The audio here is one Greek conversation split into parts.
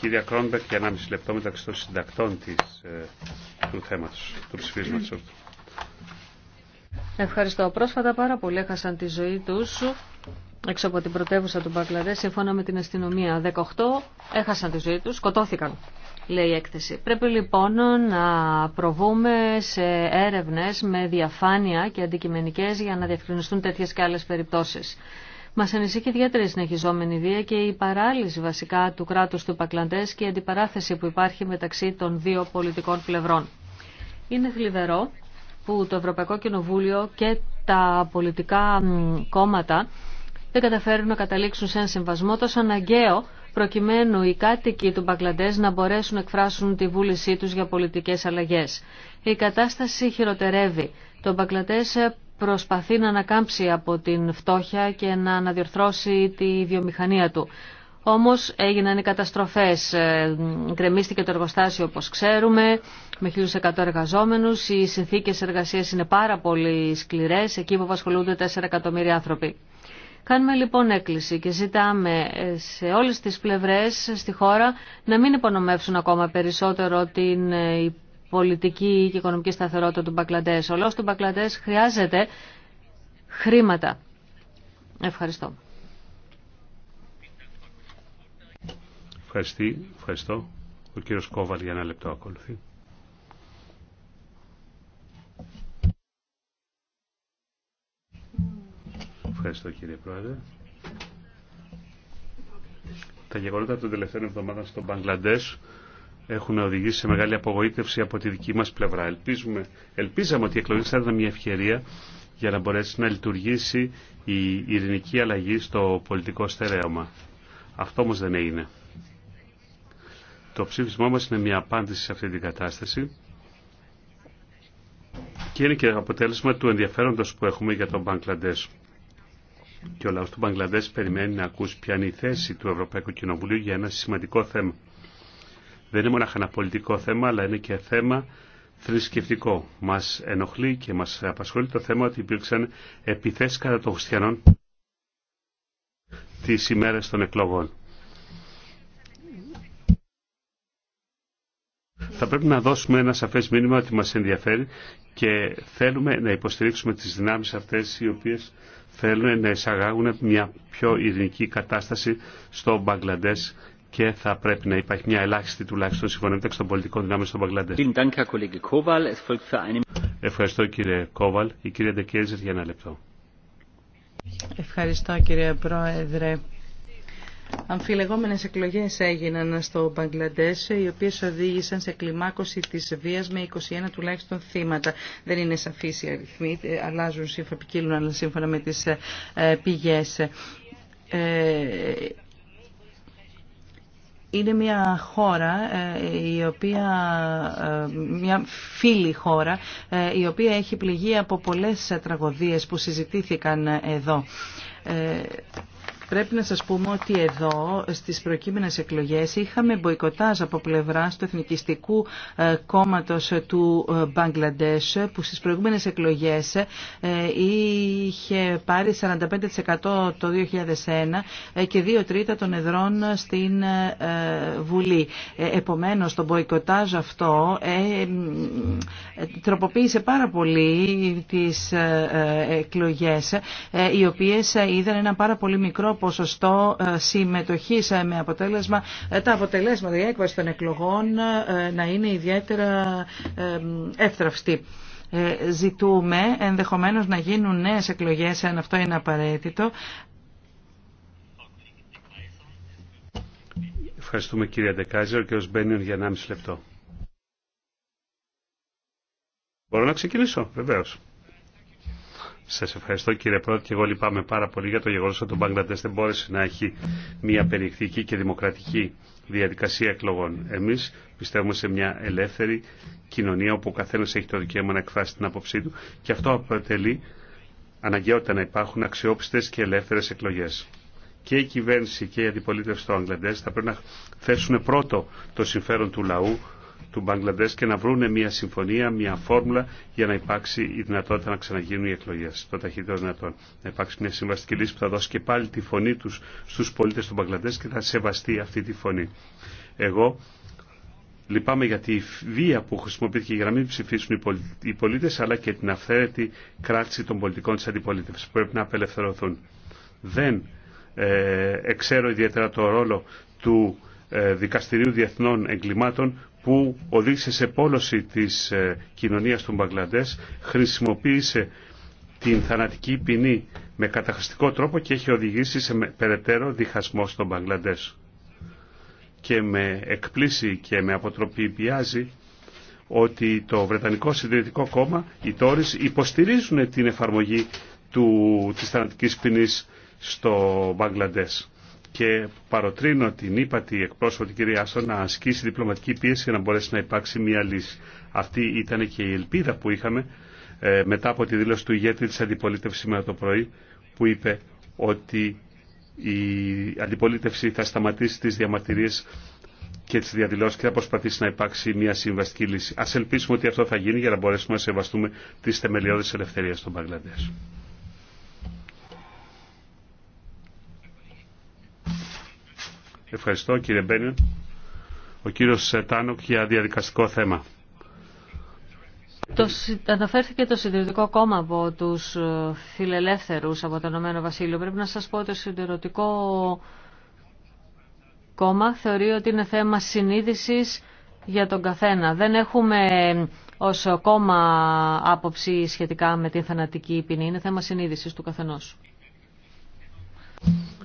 κυρία Κρόνπερ, για 1,5 λεπτό μεταξύ των συντακτών της, ε, του θέματος, του ψηφίσματος. Ευχαριστώ. Πρόσφατα πάρα πολύ έχασαν τη ζωή τους έξω από την πρωτεύουσα του Μπαγκλαδέ, σύμφωνα με την αστυνομία. 18 έχασαν τη ζωή τους, σκοτώθηκαν, λέει η έκθεση. Πρέπει λοιπόν να προβούμε σε έρευνες με διαφάνεια και αντικειμενικές για να διευκρινιστούν τέτοιες και άλλες περιπτώσεις. Μα ανησυχεί ιδιαίτερα η συνεχιζόμενη βία και η παράλυση βασικά του κράτου του Πακλαντέ και η αντιπαράθεση που υπάρχει μεταξύ των δύο πολιτικών πλευρών. Είναι θλιβερό που το Ευρωπαϊκό Κοινοβούλιο και τα πολιτικά κόμματα δεν καταφέρουν να καταλήξουν σε ένα συμβασμό τόσο αναγκαίο προκειμένου οι κάτοικοι του Μπαγκλαντές να μπορέσουν να εκφράσουν τη βούλησή τους για πολιτικές αλλαγές. Η κατάσταση χειροτερεύει. Το Μπαγκλαντές προσπαθεί να ανακάμψει από την φτώχεια και να αναδιορθώσει τη βιομηχανία του. Όμως έγιναν οι καταστροφές, ε, Κρεμίστηκε το εργοστάσιο όπως ξέρουμε, με 1.100 εργαζόμενους, οι συνθήκες εργασίας είναι πάρα πολύ σκληρές, εκεί που απασχολούνται 4 εκατομμύρια άνθρωποι. Κάνουμε λοιπόν έκκληση και ζητάμε ε, σε όλες τις πλευρές στη χώρα να μην υπονομεύσουν ακόμα περισσότερο την υπόλοιπη ε, πολιτική και οικονομική σταθερότητα του Μπαγκλαντές. Ο λόγο του Μπαγκλαντές χρειάζεται χρήματα. Ευχαριστώ. Ευχαριστή, ευχαριστώ. Ο κύριος Κόβαλ για ένα λεπτό ακολουθεί. Ευχαριστώ κύριε Πρόεδρε. Τα γεγονότα των τελευταίων εβδομάδων στο Μπαγκλαντές έχουν οδηγήσει σε μεγάλη απογοήτευση από τη δική μας πλευρά. Ελπίζουμε, ελπίζαμε ότι η εκλογή θα ήταν μια ευκαιρία για να μπορέσει να λειτουργήσει η ειρηνική αλλαγή στο πολιτικό στερέωμα. Αυτό όμως δεν έγινε. Το ψήφισμά μας είναι μια απάντηση σε αυτή την κατάσταση και είναι και αποτέλεσμα του ενδιαφέροντος που έχουμε για τον Μπαγκλαντές. Και ο λαός του Μπαγκλαντές περιμένει να ακούσει ποια είναι η θέση του Ευρωπαϊκού Κοινοβουλίου για ένα σημαντικό θέμα δεν είναι μόνο ένα πολιτικό θέμα, αλλά είναι και θέμα θρησκευτικό. Μας ενοχλεί και μας απασχολεί το θέμα ότι υπήρξαν επιθέσεις κατά των χριστιανών τις ημέρες των εκλογών. Θα πρέπει να δώσουμε ένα σαφές μήνυμα ότι μας ενδιαφέρει και θέλουμε να υποστηρίξουμε τις δυνάμεις αυτές οι οποίες θέλουν να εισαγάγουν μια πιο ειρηνική κατάσταση στο Μπαγκλαντές και θα πρέπει να υπάρχει μια ελάχιστη τουλάχιστον συμφωνία μεταξύ των πολιτικών δυνάμεων στον Παγκλαντέ. Ευχαριστώ κύριε Κόβαλ. Η κυρία Ντεκέζερ για ένα λεπτό. Ευχαριστώ κύριε Πρόεδρε. Αμφιλεγόμενες εκλογές έγιναν στο Μπαγκλαντές, οι οποίες οδήγησαν σε κλιμάκωση της βίας με 21 τουλάχιστον θύματα. Δεν είναι σαφής οι αριθμοί, αλλάζουν σύμφωνα, αλλά σύμφωνα με τις ε, πηγές ε, είναι μια χώρα ε, η οποία, ε, μια φίλη χώρα ε, η οποία έχει πληγεί από πολλές τραγωδίες που συζητήθηκαν εδώ. Πρέπει να σας πούμε ότι εδώ στις προκείμενες εκλογές είχαμε μποϊκοτάζ από πλευρά του Εθνικιστικού ε, Κόμματος του ε, Μπαγκλαντές που στις προηγούμενες εκλογές ε, είχε πάρει 45% το 2001 και 2 τρίτα των εδρών στην Βουλή. Επομένως το μποϊκοτάζ αυτό τροποποίησε πάρα πολύ τις εκλογές οι οποίες είδαν ένα πάρα πολύ μικρό ποσοστό ε, συμμετοχής ε, με αποτέλεσμα ε, τα αποτελέσματα, η έκβαση των εκλογών να είναι ιδιαίτερα εύθραυστη ζητούμε ενδεχομένως να γίνουν νέες εκλογές αν αυτό είναι απαραίτητο. Ευχαριστούμε κύριε Ντεκάζερ και ως Μπένιον για 1,5 λεπτό. Μπορώ να ξεκινήσω, βεβαίως. Σα ευχαριστώ κύριε Πρόεδρε και εγώ λυπάμαι πάρα πολύ για το γεγονό ότι το Μπαγκλαντέ δεν μπόρεσε να έχει μια περιεκτική και δημοκρατική διαδικασία εκλογών. Εμεί πιστεύουμε σε μια ελεύθερη κοινωνία όπου ο καθένας έχει το δικαίωμα να εκφράσει την άποψή του και αυτό αποτελεί αναγκαιότητα να υπάρχουν αξιόπιστε και ελεύθερε εκλογέ. Και η κυβέρνηση και οι αντιπολίτευση του Αγγλαντές θα πρέπει να θέσουν πρώτο το συμφέρον του λαού του Μπαγκλαντές και να βρουν μια συμφωνία, μια φόρμουλα για να υπάρξει η δυνατότητα να ξαναγίνουν οι εκλογές το ταχύτερο δυνατόν. Να υπάρξει μια συμβαστική λύση που θα δώσει και πάλι τη φωνή τους στους πολίτες του Μπαγκλαντές και θα σεβαστεί αυτή τη φωνή. Εγώ Λυπάμαι για τη βία που χρησιμοποιήθηκε για να μην ψηφίσουν οι πολίτες αλλά και την αυθαίρετη κράτηση των πολιτικών της αντιπολίτευσης που πρέπει να απελευθερωθούν. Δεν ε, εξέρω ιδιαίτερα το ρόλο του ε, Δικαστηρίου Διεθνών Εγκλημάτων που οδήγησε σε πόλωση της ε, κοινωνίας του Μπαγκλαντές, χρησιμοποίησε την θανατική ποινή με καταχρηστικό τρόπο και έχει οδηγήσει σε περαιτέρω διχασμό στον Μπαγκλαντές. Και με εκπλήσει και με αποτροπή πιάζει ότι το Βρετανικό Συντηρητικό Κόμμα, οι Τόρις, υποστηρίζουν την εφαρμογή του, της θανατικής ποινής στο Μπαγκλαντές και παροτρύνω την ύπατη εκπρόσωπο την κυρία Άσο να ασκήσει διπλωματική πίεση για να μπορέσει να υπάρξει μια λύση. Αυτή ήταν και η ελπίδα που είχαμε ε, μετά από τη δήλωση του ηγέτη της αντιπολίτευσης σήμερα το πρωί που είπε ότι η αντιπολίτευση θα σταματήσει τις διαμαρτυρίες και τις διαδηλώσεις και θα προσπαθήσει να υπάρξει μια συμβαστική λύση. Ας ελπίσουμε ότι αυτό θα γίνει για να μπορέσουμε να σεβαστούμε τις θεμελιώδεις ελευθερίες των Παγκλαντές. Ευχαριστώ κύριε Μπένιον. Ο κύριος Τάνοκ για διαδικαστικό θέμα. Το, αναφέρθηκε το συντηρητικό κόμμα από τους ε, φιλελεύθερους από το Ηνωμένο Βασίλειο. Πρέπει να σας πω ότι το συντηρητικό κόμμα θεωρεί ότι είναι θέμα συνείδησης για τον καθένα. Δεν έχουμε ε, ως κόμμα άποψη σχετικά με την θανατική ποινή. Είναι θέμα συνείδησης του καθενός.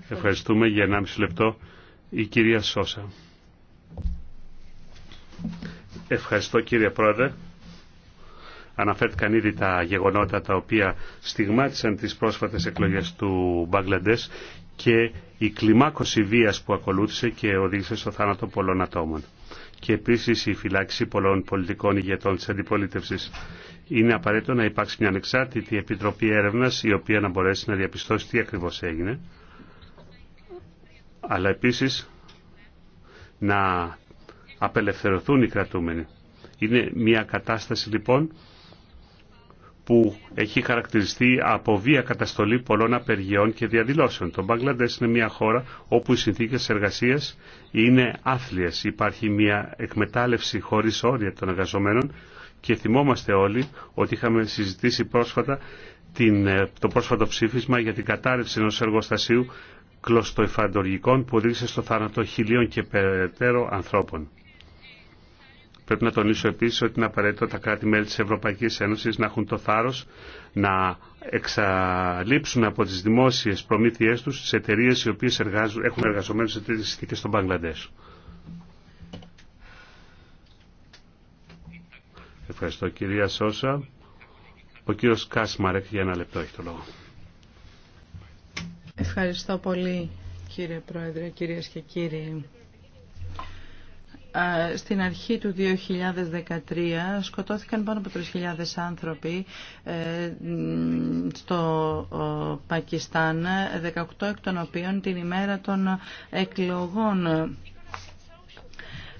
Ευχαριστούμε για 1,5 λεπτό η κυρία Σόσα. Ευχαριστώ κύριε Πρόεδρε. Αναφέρθηκαν ήδη τα γεγονότα τα οποία στιγμάτισαν τις πρόσφατες εκλογές του Μπαγκλαντές και η κλιμάκωση βίας που ακολούθησε και οδήγησε στο θάνατο πολλών ατόμων. Και επίσης η φυλάξη πολλών πολιτικών ηγετών της αντιπολίτευσης. Είναι απαραίτητο να υπάρξει μια ανεξάρτητη επιτροπή έρευνας η οποία να μπορέσει να διαπιστώσει τι ακριβώς έγινε αλλά επίσης να απελευθερωθούν οι κρατούμενοι. Είναι μια κατάσταση λοιπόν που έχει χαρακτηριστεί από βία καταστολή πολλών απεργιών και διαδηλώσεων. Το Μπαγκλαντές είναι μια χώρα όπου οι συνθήκες εργασίας είναι άθλιες. Υπάρχει μια εκμετάλλευση χωρίς όρια των εργαζομένων και θυμόμαστε όλοι ότι είχαμε συζητήσει πρόσφατα την, ε, το πρόσφατο ψήφισμα για την κατάρρευση ενός εργοστασίου κλωστοεφαντοργικών που οδήγησε στο θάνατο χιλίων και περαιτέρω ανθρώπων. Πρέπει να τονίσω επίσης ότι είναι απαραίτητο τα κράτη-μέλη της Ευρωπαϊκής Ένωσης να έχουν το θάρρος να εξαλείψουν από τις δημόσιες προμήθειές τους τι εταιρείε οι οποίες έχουν εργαζομένου σε τέτοιες συνθήκες στον Παγκλαντέ. Ευχαριστώ κυρία Σόσα. Ο κύριος Κάσμαρεκ για ένα λεπτό έχει το λόγο. Ευχαριστώ πολύ κύριε Πρόεδρε, κυρίες και κύριοι. Στην αρχή του 2013 σκοτώθηκαν πάνω από 3.000 άνθρωποι ε, στο Πακιστάν, 18 εκ των οποίων την ημέρα των εκλογών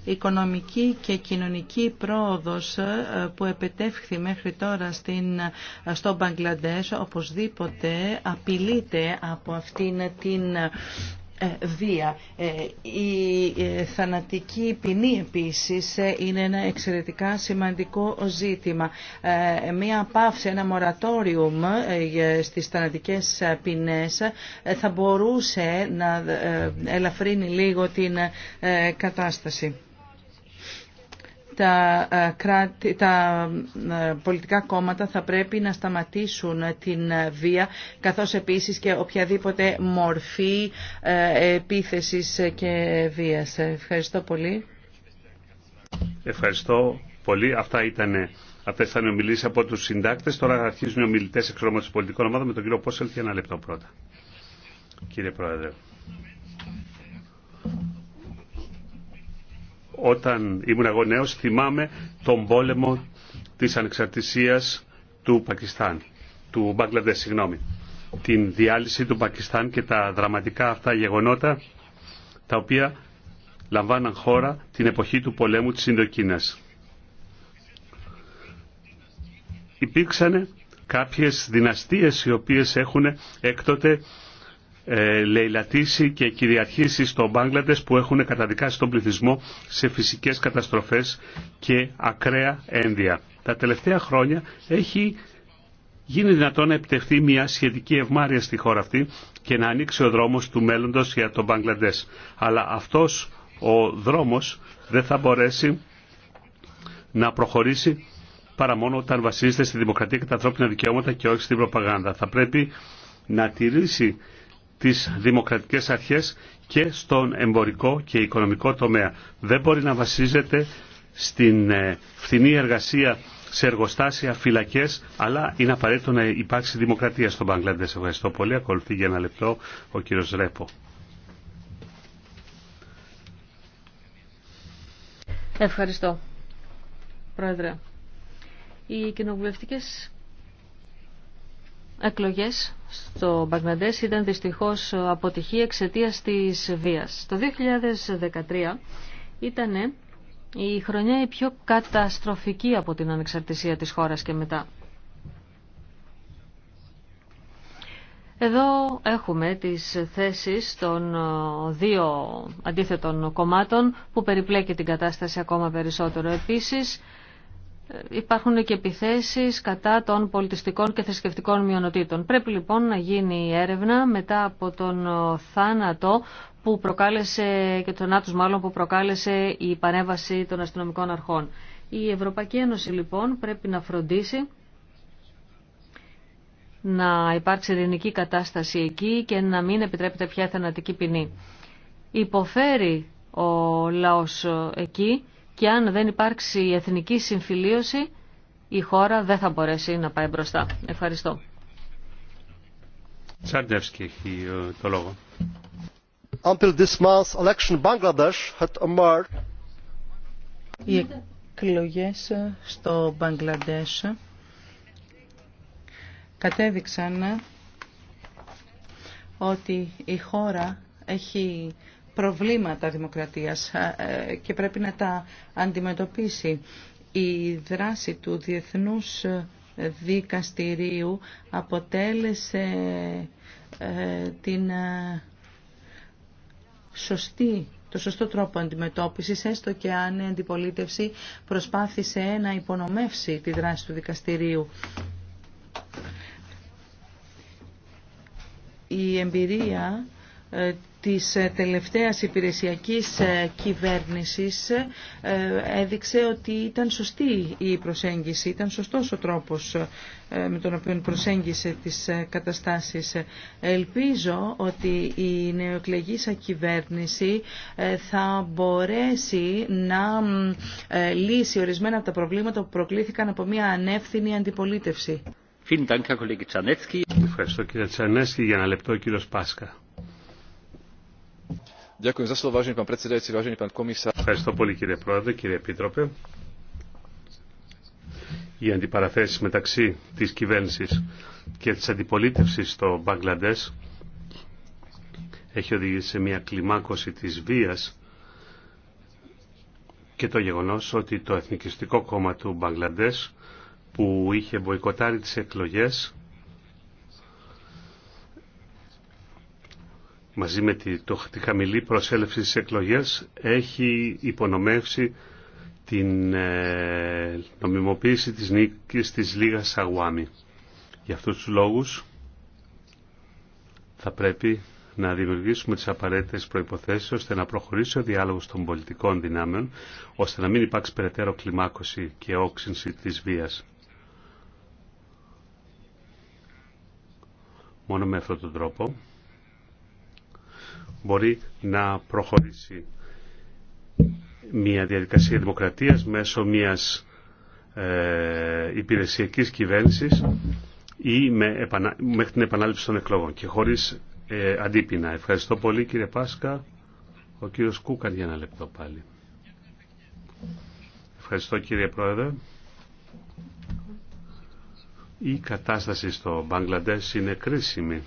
οικονομική και κοινωνική πρόοδος ε, που επετεύχθη μέχρι τώρα στην, ε, στο Μπαγκλαντές οπωσδήποτε απειλείται από αυτήν την ε, βία. Η θανατική ποινή επίσης είναι ένα εξαιρετικά σημαντικό ζήτημα. Μία πάυση, ένα μορατόριουμ στις θανατικές ποινές θα μπορούσε να ελαφρύνει λίγο την κατάσταση τα, ε, κράτη, τα ε, πολιτικά κόμματα θα πρέπει να σταματήσουν την βία καθώς επίσης και οποιαδήποτε μορφή ε, επίθεσης και βίας. Ευχαριστώ πολύ. Ευχαριστώ πολύ. Αυτά ήταν αυτές ήταν οι ομιλήσεις από τους συντάκτες. Τώρα αρχίζουν οι ομιλητές εξωρώματος πολιτικών ομάδων με τον κύριο Πόσελ για ένα λεπτό πρώτα. Κύριε Πρόεδρε. όταν ήμουν εγώ νέος θυμάμαι τον πόλεμο της ανεξαρτησίας του Πακιστάν, του Μπαγκλαντές, συγγνώμη. Την διάλυση του Πακιστάν και τα δραματικά αυτά γεγονότα τα οποία λαμβάναν χώρα την εποχή του πολέμου της Ινδοκίνας. Υπήρξαν κάποιες δυναστείες οι οποίες έχουν έκτοτε ε, λαιλατήσει και κυριαρχήσει στο Μπάγκλαντες που έχουν καταδικάσει τον πληθυσμό σε φυσικές καταστροφές και ακραία ένδια. Τα τελευταία χρόνια έχει γίνει δυνατόν να επιτευχθεί μια σχετική ευμάρεια στη χώρα αυτή και να ανοίξει ο δρόμος του μέλλοντος για τον Μπαγκλαντές. Αλλά αυτός ο δρόμος δεν θα μπορέσει να προχωρήσει παρά μόνο όταν βασίζεται στη δημοκρατία και τα ανθρώπινα δικαιώματα και όχι στην προπαγάνδα. Θα πρέπει να τηρήσει τις δημοκρατικές αρχές και στον εμπορικό και οικονομικό τομέα. Δεν μπορεί να βασίζεται στην ε, φθηνή εργασία σε εργοστάσια, φυλακέ, αλλά είναι απαραίτητο να υπάρξει δημοκρατία στον Μπαγκλαντέ. Ευχαριστώ πολύ. Ακολουθεί για ένα λεπτό ο κύριος Ρέπο. Ευχαριστώ, Πρόεδρε. Οι κοινοβουλευτικές εκλογές στο Μπαγκλαντές ήταν δυστυχώς αποτυχία εξαιτία της βίας. Το 2013 ήταν η χρονιά η πιο καταστροφική από την ανεξαρτησία της χώρας και μετά. Εδώ έχουμε τις θέσεις των δύο αντίθετων κομμάτων που περιπλέκει την κατάσταση ακόμα περισσότερο. Επίσης, υπάρχουν και επιθέσεις κατά των πολιτιστικών και θρησκευτικών μειονοτήτων. Πρέπει λοιπόν να γίνει έρευνα μετά από τον θάνατο που προκάλεσε και τον άτους μάλλον που προκάλεσε η πανέβαση των αστυνομικών αρχών. Η Ευρωπαϊκή Ένωση λοιπόν πρέπει να φροντίσει να υπάρξει ειρηνική κατάσταση εκεί και να μην επιτρέπεται πια θανατική ποινή. Υποφέρει ο λαός εκεί και αν δεν υπάρξει η εθνική συμφιλίωση η χώρα δεν θα μπορέσει να πάει μπροστά. Ευχαριστώ. Ε, το λόγο. Οι εκλογές ε, στο Μπαγκλαντές ε, κατέδειξαν ότι η χώρα έχει προβλήματα δημοκρατίας ε, ε, και πρέπει να τα αντιμετωπίσει. Η δράση του Διεθνούς Δικαστηρίου αποτέλεσε ε, την σωστή το σωστό τρόπο αντιμετώπισης, έστω και αν η αντιπολίτευση προσπάθησε να υπονομεύσει τη δράση του δικαστηρίου. Η εμπειρία της ε, τελευταίας υπηρεσιακής ε, κυβέρνησης ε, έδειξε ότι ήταν σωστή η προσέγγιση, ήταν σωστός ο τρόπος με τον οποίο προσέγγισε τις καταστάσεις. Ελπίζω ότι η νεοεκλεγήσα κυβέρνηση θα μπορέσει να λύσει ορισμένα από τα προβλήματα που προκλήθηκαν από μια ανεύθυνη αντιπολίτευση. Ευχαριστώ κύριε Τσανέσκι. Για ένα λεπτό ο Πάσκα. Ευχαριστώ πολύ κύριε Πρόεδρε, κύριε Επίτροπε. Οι αντιπαραθέσεις μεταξύ της κυβέρνησης και της αντιπολίτευσης στο Μπαγκλαντές έχει οδηγήσει σε μια κλιμάκωση της βίας και το γεγονός ότι το Εθνικιστικό Κόμμα του Μπαγκλαντές που είχε μποϊκοτάρει τις εκλογές μαζί με τη, τη χαμηλή προσέλευση στις εκλογές έχει υπονομεύσει την ε, νομιμοποίηση της νίκης της Λίγας Σαγουάμι. Για αυτούς τους λόγους θα πρέπει να δημιουργήσουμε τις απαραίτητες προϋποθέσεις ώστε να προχωρήσει ο διάλογος των πολιτικών δυνάμεων, ώστε να μην υπάρξει περαιτέρω κλιμάκωση και όξυνση της βίας. Μόνο με αυτόν τον τρόπο μπορεί να προχωρήσει μια διαδικασία δημοκρατίας μέσω μιας ε, υπηρεσιακής κυβέρνησης ή με, μέχρι την επανάληψη των εκλογών και χωρίς ε, αντίπεινα. Ευχαριστώ πολύ κύριε Πάσκα. Ο κύριος Κούκαν για ένα λεπτό πάλι. Ευχαριστώ κύριε Πρόεδρε. Η κατάσταση στο Μπαγκλαντές είναι κρίσιμη.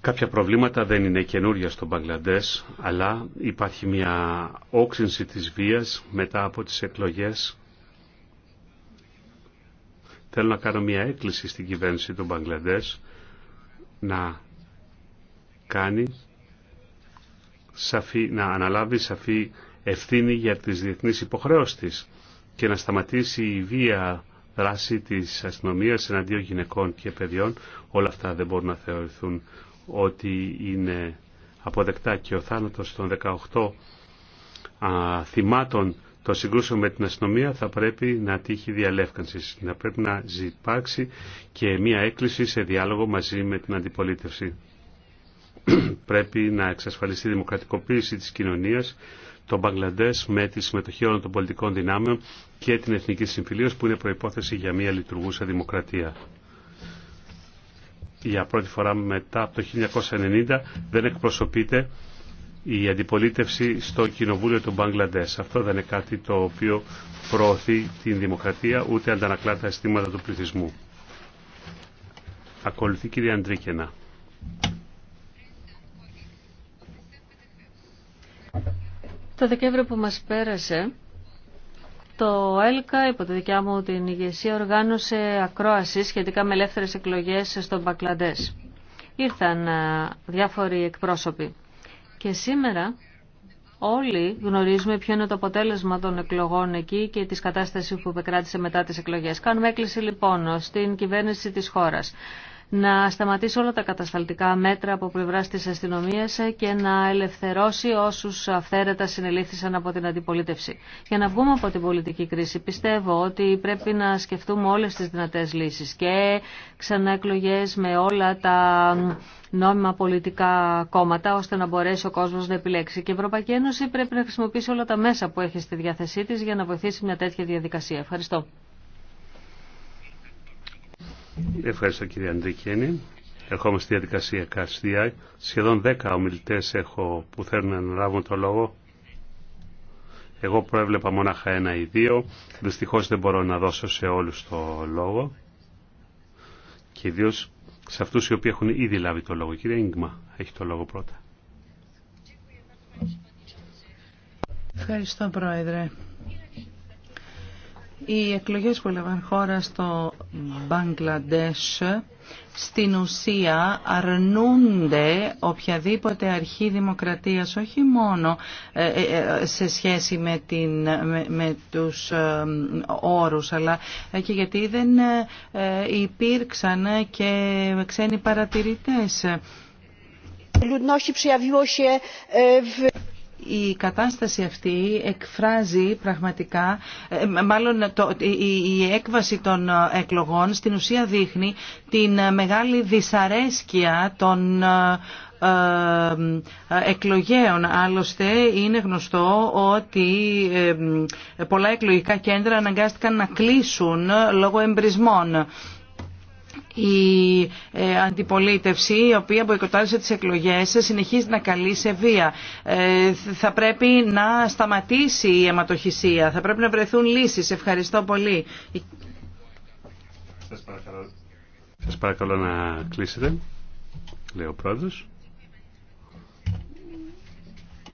Κάποια προβλήματα δεν είναι καινούρια στο Μπαγκλαντές, αλλά υπάρχει μια όξυνση της βίας μετά από τις εκλογές. Θέλω να κάνω μια έκκληση στην κυβέρνηση του Μπαγκλαντές να κάνει σαφή, να αναλάβει σαφή ευθύνη για τις διεθνείς υποχρέωσεις και να σταματήσει η βία δράση της αστυνομίας εναντίον γυναικών και παιδιών. Όλα αυτά δεν μπορούν να θεωρηθούν ότι είναι αποδεκτά και ο θάνατος των 18 α, θυμάτων το συγκρούσεων με την αστυνομία θα πρέπει να τύχει διαλεύκανση, να πρέπει να υπάρξει και μια έκκληση σε διάλογο μαζί με την αντιπολίτευση. πρέπει να εξασφαλίσει η δημοκρατικοποίηση της κοινωνίας των Μπαγκλαντές με τη συμμετοχή όλων των πολιτικών δυνάμεων και την εθνική συμφιλίωση που είναι προϋπόθεση για μια λειτουργούσα δημοκρατία για πρώτη φορά μετά από το 1990 δεν εκπροσωπείται η αντιπολίτευση στο Κοινοβούλιο του Μπαγκλαντές. Αυτό δεν είναι κάτι το οποίο προωθεί την δημοκρατία ούτε αντανακλά τα αισθήματα του πληθυσμού. Ακολουθεί κυρία Αντρίκενα. Το Δεκέμβριο που μας πέρασε το ΕΛΚΑ υπό τη δικιά μου την ηγεσία οργάνωσε ακρόαση σχετικά με ελεύθερες εκλογές στον Μπακλαντές. Ήρθαν διάφοροι εκπρόσωποι και σήμερα όλοι γνωρίζουμε ποιο είναι το αποτέλεσμα των εκλογών εκεί και της κατάστασης που επικράτησε μετά τις εκλογές. Κάνουμε έκκληση λοιπόν στην κυβέρνηση της χώρας να σταματήσει όλα τα κατασταλτικά μέτρα από πλευρά τη αστυνομία και να ελευθερώσει όσου αυθαίρετα συνελήφθησαν από την αντιπολίτευση. Για να βγούμε από την πολιτική κρίση πιστεύω ότι πρέπει να σκεφτούμε όλε τι δυνατέ λύσει και ξανά με όλα τα νόμιμα πολιτικά κόμματα ώστε να μπορέσει ο κόσμος να επιλέξει. Και η Ευρωπαϊκή Ένωση πρέπει να χρησιμοποιήσει όλα τα μέσα που έχει στη διάθεσή της για να βοηθήσει μια τέτοια διαδικασία. Ευχαριστώ. Ευχαριστώ κύριε Αντρικένη. Ερχόμαστε στη διαδικασία ΚΑΣΤΙΑ. Σχεδόν 10 ομιλητές έχω που θέλουν να λάβουν το λόγο. Εγώ προέβλεπα μόναχα ένα ή δύο. Δυστυχώς δεν μπορώ να δώσω σε όλους το λόγο. Και ιδίω σε αυτούς οι οποίοι έχουν ήδη λάβει το λόγο. Κύριε Ίγκμα, έχει το λόγο πρώτα. Ευχαριστώ Πρόεδρε. Οι εκλογές που έλαβαν χώρα στο Μπαγκλαντές στην ουσία αρνούνται οποιαδήποτε αρχή δημοκρατίας όχι μόνο ε, ε, ε, σε σχέση με, την, με, με τους όρους αλλά και γιατί δεν υπήρξαν και ξένοι παρατηρητές η κατάσταση αυτή εκφράζει πραγματικά, ε, μάλλον η, έκβαση των εκλογών στην ουσία δείχνει την μεγάλη δυσαρέσκεια των ε, ε, εκλογέων. Άλλωστε είναι γνωστό ότι πολλά εκλογικά κέντρα αναγκάστηκαν να κλείσουν λόγω εμπρισμών η ε, αντιπολίτευση η οποία μποϊκοτάρισε τις εκλογές συνεχίζει να καλεί σε βία. Ε, θα πρέπει να σταματήσει η αιματοχυσία. Θα πρέπει να βρεθούν λύσεις. Ευχαριστώ πολύ. Σας παρακαλώ, να κλείσετε. Λέει ο πρόεδρος.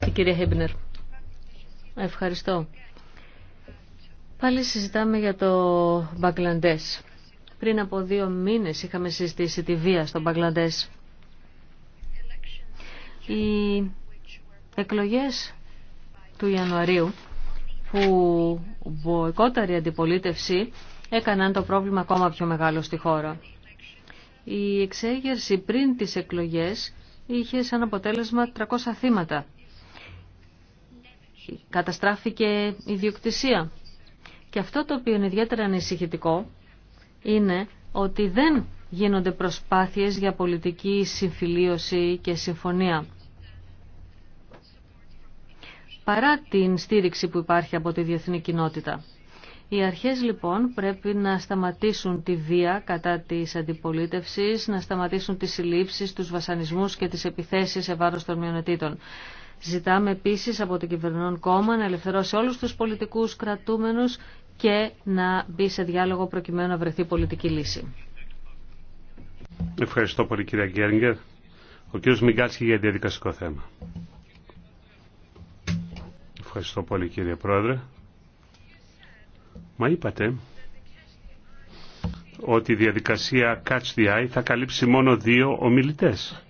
Η κυρία Ευχαριστώ. Πάλι συζητάμε για το Μπαγκλαντές. Πριν από δύο μήνες είχαμε συζητήσει τη βία στον Παγκλαντές. Οι εκλογές του Ιανουαρίου που μποϊκόταρη αντιπολίτευση έκαναν το πρόβλημα ακόμα πιο μεγάλο στη χώρα. Η εξέγερση πριν τις εκλογές είχε σαν αποτέλεσμα 300 θύματα. Καταστράφηκε η διοκτησία. Και αυτό το οποίο είναι ιδιαίτερα ανησυχητικό είναι ότι δεν γίνονται προσπάθειες για πολιτική συμφιλίωση και συμφωνία. Παρά την στήριξη που υπάρχει από τη διεθνή κοινότητα. Οι αρχές λοιπόν πρέπει να σταματήσουν τη βία κατά της αντιπολίτευσης, να σταματήσουν τις συλλήψεις, τους βασανισμούς και τις επιθέσεις σε βάρος των μειονετήτων. Ζητάμε επίσης από το κυβερνών κόμμα να ελευθερώσει όλους τους πολιτικούς κρατούμενους και να μπει σε διάλογο προκειμένου να βρεθεί πολιτική λύση. Ευχαριστώ πολύ κύριε Γκέρνγκερ. Ο κύριος Μιγκάλσκι για διαδικαστικό θέμα. Ευχαριστώ πολύ κύριε Πρόεδρε. Μα είπατε ότι η διαδικασία Catch the Eye θα καλύψει μόνο δύο ομιλητές.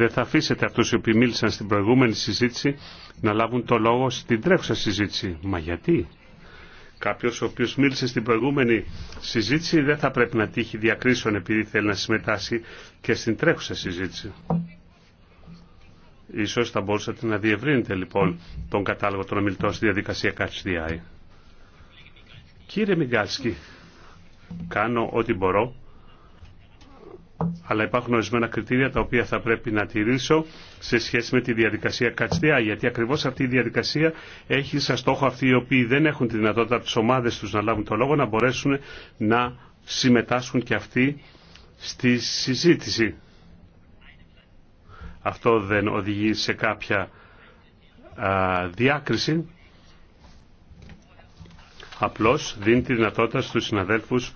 δεν θα αφήσετε αυτούς οι οποίοι μίλησαν στην προηγούμενη συζήτηση να λάβουν το λόγο στην τρέχουσα συζήτηση. Μα γιατί? Κάποιος ο οποίος μίλησε στην προηγούμενη συζήτηση δεν θα πρέπει να τύχει διακρίσεων επειδή θέλει να συμμετάσχει και στην τρέχουσα συζήτηση. Ίσως θα μπορούσατε να διευρύνετε λοιπόν τον κατάλογο των ομιλητών στη διαδικασία ΚΑΤΣΔΙ. Κύριε Μιγκάλσκι, κάνω ό,τι μπορώ αλλά υπάρχουν ορισμένα κριτήρια τα οποία θα πρέπει να τηρήσω σε σχέση με τη διαδικασία κατστιά, γιατί ακριβώς αυτή η διαδικασία έχει σαν στόχο αυτοί οι οποίοι δεν έχουν τη δυνατότητα από τις ομάδες τους να λάβουν το λόγο να μπορέσουν να συμμετάσχουν και αυτοί στη συζήτηση. Αυτό δεν οδηγεί σε κάποια διάκριση. Απλώς δίνει τη δυνατότητα στους συναδέλφους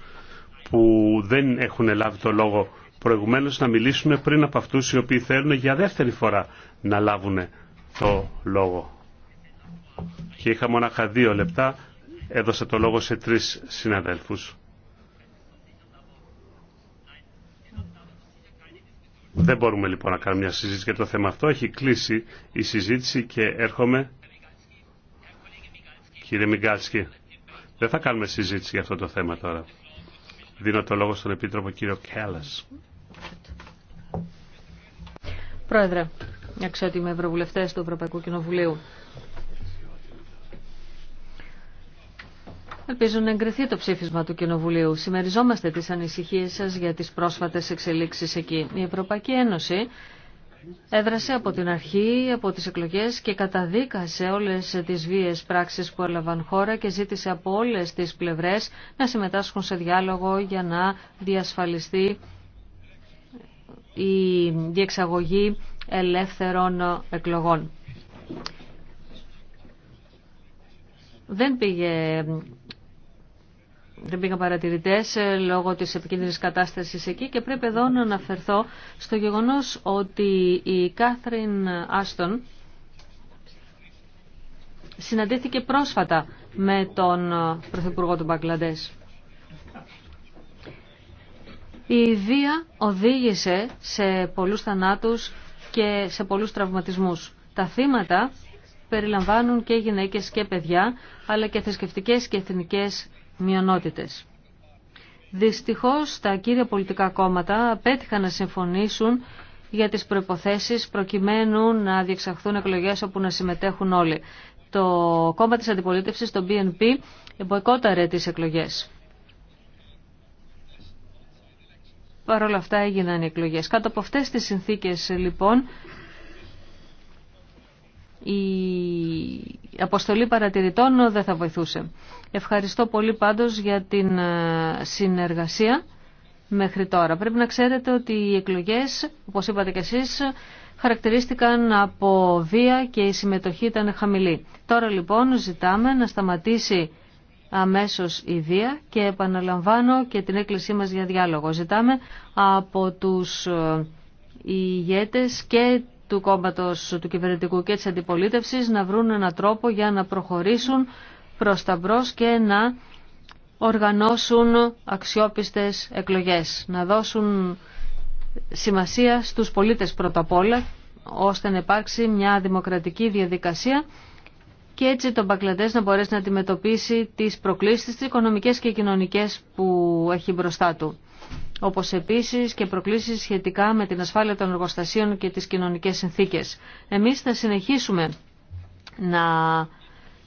που δεν έχουν λάβει το λόγο προηγουμένως να μιλήσουμε πριν από αυτούς οι οποίοι θέλουν για δεύτερη φορά να λάβουν το λόγο. Και είχα μονάχα δύο λεπτά, έδωσα το λόγο σε τρεις συναδέλφους. Δεν μπορούμε λοιπόν να κάνουμε μια συζήτηση για το θέμα αυτό. Έχει κλείσει η συζήτηση και έρχομαι. Κύριε Μιγκάλσκι, δεν θα κάνουμε συζήτηση για αυτό το θέμα τώρα. Δίνω το λόγο στον Επίτροπο κύριο Κέλλας. Πρόεδρε, αξιότιμοι ευρωβουλευτές του Ευρωπαϊκού Κοινοβουλίου. Ελπίζω να εγκριθεί το ψήφισμα του Κοινοβουλίου. Σημεριζόμαστε τις ανησυχίες σας για τις πρόσφατες εξελίξεις εκεί. Η Ευρωπαϊκή Ένωση έδρασε από την αρχή, από τις εκλογές και καταδίκασε όλες τις βίες πράξεις που έλαβαν χώρα και ζήτησε από όλες τις πλευρές να συμμετάσχουν σε διάλογο για να διασφαλιστεί η διεξαγωγή ελεύθερων εκλογών. Δεν πήγε δεν πήγαν παρατηρητέ ε, λόγω της επικίνδυνης κατάστασης εκεί και πρέπει εδώ να αναφερθώ στο γεγονός ότι η Κάθριν Άστον συναντήθηκε πρόσφατα με τον Πρωθυπουργό του Μπαγκλαντές. Η βία οδήγησε σε πολλούς θανάτους και σε πολλούς τραυματισμούς. Τα θύματα περιλαμβάνουν και γυναίκες και παιδιά, αλλά και θρησκευτικές και εθνικές μειονότητες. Δυστυχώς, τα κύρια πολιτικά κόμματα απέτυχαν να συμφωνήσουν για τις προϋποθέσεις προκειμένου να διεξαχθούν εκλογές όπου να συμμετέχουν όλοι. Το κόμμα της αντιπολίτευσης, το BNP, εμποϊκόταρε τις εκλογές. Παρ' όλα αυτά έγιναν οι εκλογές. Κάτω από αυτές τις συνθήκες λοιπόν η αποστολή παρατηρητών δεν θα βοηθούσε. Ευχαριστώ πολύ πάντως για την ε, συνεργασία μέχρι τώρα. Πρέπει να ξέρετε ότι οι εκλογές, όπως είπατε κι εσείς, χαρακτηρίστηκαν από βία και η συμμετοχή ήταν χαμηλή. Τώρα λοιπόν ζητάμε να σταματήσει αμέσως η βία και επαναλαμβάνω και την έκκλησή μας για διάλογο. Ζητάμε από τους ε, ηγέτες και του κόμματος του κυβερνητικού και της αντιπολίτευσης να βρουν έναν τρόπο για να προχωρήσουν προς τα μπρος και να οργανώσουν αξιόπιστες εκλογές, να δώσουν σημασία στους πολίτες πρώτα απ' όλα, ώστε να υπάρξει μια δημοκρατική διαδικασία και έτσι τον Μπαγκλαντές να μπορέσει να αντιμετωπίσει τις προκλήσεις, τις οικονομικές και κοινωνικές που έχει μπροστά του. Όπως επίσης και προκλήσεις σχετικά με την ασφάλεια των εργοστασίων και τις κοινωνικές συνθήκες. Εμείς θα συνεχίσουμε να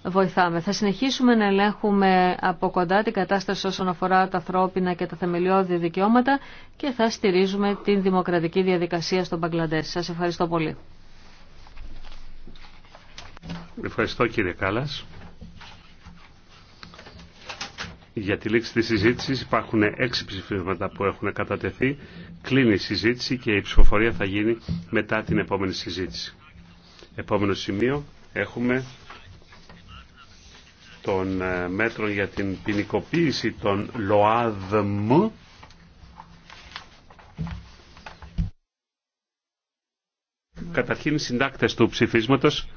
βοηθάμε. Θα συνεχίσουμε να ελέγχουμε από κοντά την κατάσταση όσον αφορά τα ανθρώπινα και τα θεμελιώδη δικαιώματα και θα στηρίζουμε την δημοκρατική διαδικασία στον Μπαγκλαντές. Σας ευχαριστώ πολύ. Ευχαριστώ κύριε Κάλλας. Για τη λήξη της συζήτησης υπάρχουν έξι ψηφίσματα που έχουν κατατεθεί. Κλείνει η συζήτηση και η ψηφοφορία θα γίνει μετά την επόμενη συζήτηση. Επόμενο σημείο έχουμε των ε, μέτρων για την ποινικοποίηση των ΛΟΑΔΜ. Καταρχήν οι συντάκτες του ψηφίσματος